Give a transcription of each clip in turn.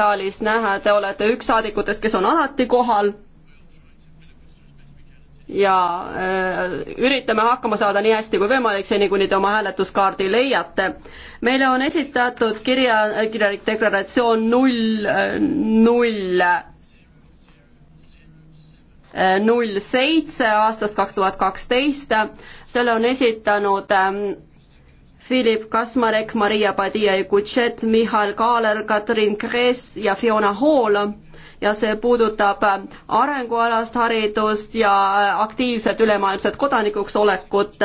saalis näha, te olete üks saadikutest, kes on alati kohal ja öö, äh, üritame hakkama saada nii hästi kui võimalik, seni kuni te oma hääletuskaardi leiate. meile on esitatud kirja, kirjalik deklaratsioon null, null, äh, null seitse aastast kaks tuhat kaksteist, selle on esitanud öö, ähm, Philip Kasmarek, Maria Padija-Kutšet, Mihhail Kaaler, Katrin Kress ja Fiona Hall ja see puudutab äh, arengualast haridust ja äh, aktiivset ülemaailmset kodanikuks olekut.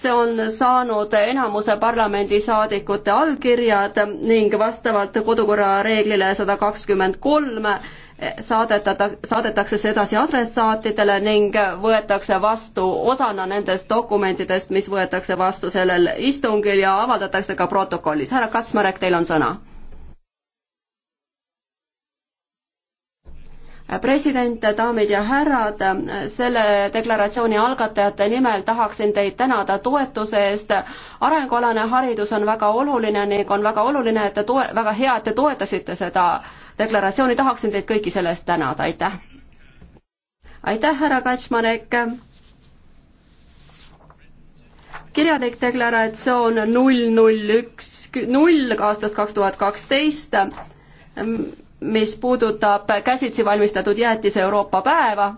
see on saanud enamuse parlamendisaadikute allkirjad ning vastavalt kodukorra reeglile sada kakskümmend kolm eh, saadetata, saadetakse see edasi adressaatidele ning võetakse vastu osana nendest dokumentidest, mis võetakse vastu sellel istungil ja avaldatakse ka protokollis. härra Katsmarek, teil on sõna president, daamid ja härrad, selle deklaratsiooni algatajate nimel tahaksin teid tänada toetuse eest. arengualane haridus on väga oluline ning on väga oluline, et te toe-, väga hea, et te toetasite seda deklaratsiooni, tahaksin teid kõiki selle eest tänada, aitäh. aitäh, härra Kaczmarek. kirjalik deklaratsioon null null üks null aastast kaks tuhat kaksteist mis puudutab käsitsi valmistatud jäätise Euroopa päeva